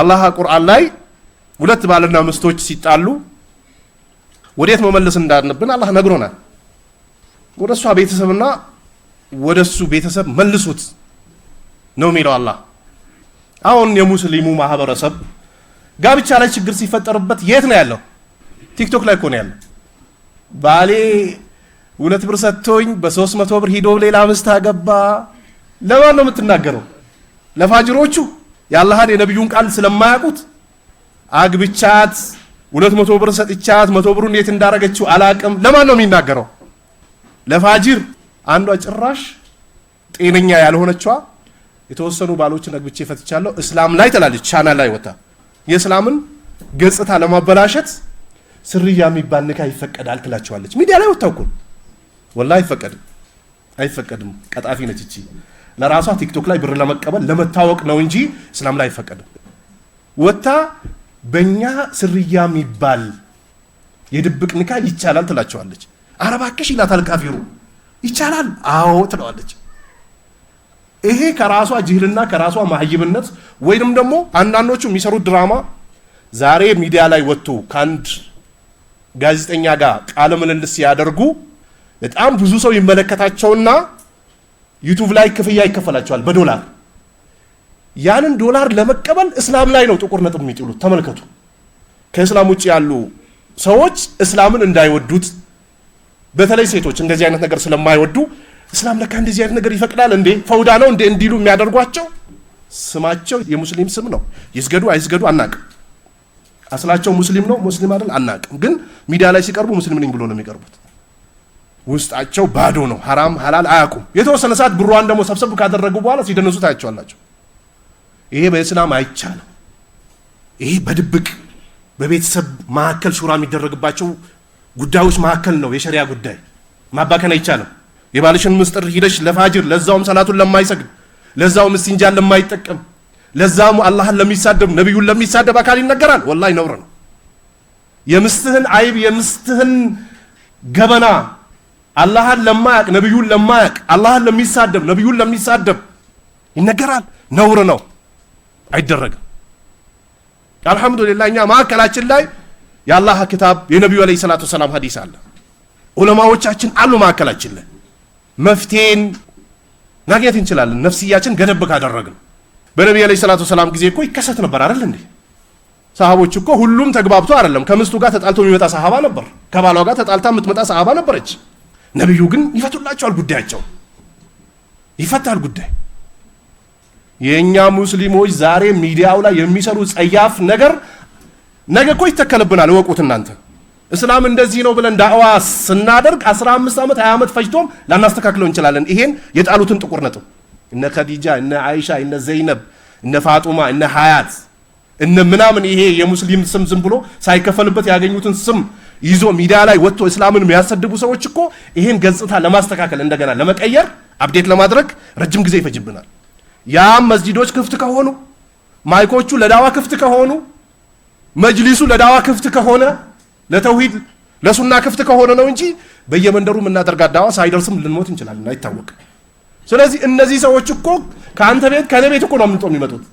አላህ ቁርአን ላይ ሁለት ባልና ምስቶች ሲጣሉ ወዴት መመለስ እንዳለብን አላህ ነግሮናል። ወደ እሷ ቤተሰብና ወደ እሱ ቤተሰብ መልሱት ነው የሚለው አላህ። አሁን የሙስሊሙ ማህበረሰብ ጋብቻ ላይ ችግር ሲፈጠርበት የት ነው ያለው? ቲክቶክ ላይ እኮ ነው ያለው። ባሌ ሁለት ብር ሰጥቶኝ በሶስት መቶ ብር ሂዶ ሌላ ሚስት አገባ። ለማን ነው የምትናገረው? ለፋጅሮቹ የአላህን የነቢዩን ቃል ስለማያውቁት አግብቻት ሁለት መቶ ብር ሰጥቻት መቶ ብሩ እንዴት እንዳረገችው አላቅም። ለማን ነው የሚናገረው? ለፋጅር አንዷ ጭራሽ ጤነኛ ያልሆነችዋ የተወሰኑ ባሎችን አግብቼ ፈትቻለሁ እስላም ላይ ትላለች። ቻና ላይ ወጣ የእስላምን ገጽታ ለማበላሸት ስርያ የሚባል ንካ ይፈቀዳል ትላቸዋለች። ሚዲያ ላይ ወጣ እኮ ወላ አይፈቀድም፣ አይፈቀድም። ቀጣፊ ነች እቺ። ለራሷ ቲክቶክ ላይ ብር ለመቀበል ለመታወቅ ነው እንጂ እስላም ላይ አይፈቀድም። ወታ በእኛ ስርያ የሚባል የድብቅ ኒካ ይቻላል ትላቸዋለች። አረባከሽ ይላታል ካፊሩ። ይቻላል አዎ ትለዋለች። ይሄ ከራሷ ጅህልና ከራሷ ማህይብነት ወይንም ደግሞ አንዳንዶቹ የሚሰሩት ድራማ ዛሬ ሚዲያ ላይ ወጥቶ ከአንድ ጋዜጠኛ ጋር ቃለ ምልልስ ሲያደርጉ በጣም ብዙ ሰው ይመለከታቸውና ዩቱብ ላይ ክፍያ ይከፈላቸዋል በዶላር ያንን ዶላር ለመቀበል እስላም ላይ ነው ጥቁር ነጥብ የሚጥሉት። ተመልከቱ። ከእስላም ውጭ ያሉ ሰዎች እስላምን እንዳይወዱት በተለይ ሴቶች እንደዚህ አይነት ነገር ስለማይወዱ እስላም ለካ እንደዚህ አይነት ነገር ይፈቅዳል እንዴ ፈውዳ ነው እንዴ እንዲሉ የሚያደርጓቸው ስማቸው የሙስሊም ስም ነው። ይስገዱ አይስገዱ አናቅም። አስላቸው ሙስሊም ነው ሙስሊም አይደል አናቅም። ግን ሚዲያ ላይ ሲቀርቡ ሙስሊም ነኝ ብሎ ነው የሚቀርቡት። ውስጣቸው ባዶ ነው። ሐራም ሐላል አያውቁም። የተወሰነ ሰዓት ብሯን ደግሞ ሰብሰብ ካደረጉ በኋላ ሲደነሱ ታያቸዋላቸው። ይሄ በእስላም አይቻልም። ይሄ በድብቅ በቤተሰብ መካከል ሹራ የሚደረግባቸው ጉዳዮች መካከል ነው። የሸሪያ ጉዳይ ማባከን አይቻልም። የባልሽን ምስጢር ሂደሽ ለፋጅር ለዛውም ሰላቱን ለማይሰግድ ለዛውም እስቲንጃን ለማይጠቀም ለዛም አላህን ለሚሳደብ ነቢዩን ለሚሳደብ አካል ይነገራል። ወላሂ ነውር ነው። የምስትህን አይብ የምስትህን ገበና አላህን ለማያቅ ነቢዩን ለማያቅ አላህን ለሚሳደብ ነቢዩን ለሚሳደብ ይነገራል። ነውር ነው፣ አይደረግም። አልሐምዱሊላህ እኛ ማዕከላችን ላይ የአላህ ክታብ የነቢዩ ዓለይሂ ሰላቱ ወሰላም ሀዲስ አለ። ዑለማዎቻችን አሉ። ማዕከላችን ላይ መፍትሄን ማግኘት እንችላለን። ነፍስያችን ገደብ ካደረግን በነቢዩ ዓለይሂ ሰላቱ ወሰላም ጊዜ እኮ ይከሰት ነበር አይደል እንዴ? ሰሃቦች እኮ ሁሉም ተግባብቶ አይደለም። ከምስቱ ጋር ተጣልቶ የሚመጣ ሰሃባ ነበር። ከባሏ ጋር ተጣልታ የምትመጣ ሰሃባ ነበረች። ነቢዩ ግን ይፈቱላቸዋል ጉዳያቸው ይፈታል ጉዳይ። የእኛ ሙስሊሞች ዛሬ ሚዲያው ላይ የሚሰሩ ጸያፍ ነገር ነገ እኮ ይተከልብናል። እወቁት እናንተ እስላም እንደዚህ ነው ብለን ዳዕዋ ስናደርግ 15 ዓመት 20 ዓመት ፈጅቶም ላናስተካክለው እንችላለን። ይሄን የጣሉትን ጥቁር ነጥብ እነ ከዲጃ እነ አይሻ እነ ዘይነብ እነ ፋጡማ እነ ሀያት እነ ምናምን ይሄ የሙስሊም ስም ዝም ብሎ ሳይከፈልበት ያገኙትን ስም ይዞ ሚዲያ ላይ ወጥቶ እስላምን የሚያሰድቡ ሰዎች እኮ ይህን ገጽታ ለማስተካከል እንደገና ለመቀየር አብዴት ለማድረግ ረጅም ጊዜ ይፈጅብናል። ያም መስጂዶች ክፍት ከሆኑ ማይኮቹ ለዳዋ ክፍት ከሆኑ መጅሊሱ ለዳዋ ክፍት ከሆነ ለተውሂድ ለሱና ክፍት ከሆነ ነው እንጂ በየመንደሩ የምናደርጋት ዳዋ ሳይደርስም ልንሞት እንችላለን፣ አይታወቅም። ስለዚህ እነዚህ ሰዎች እኮ ከአንተ ቤት ከእኔ ቤት እኮ ነው የምንጦ የሚመጡት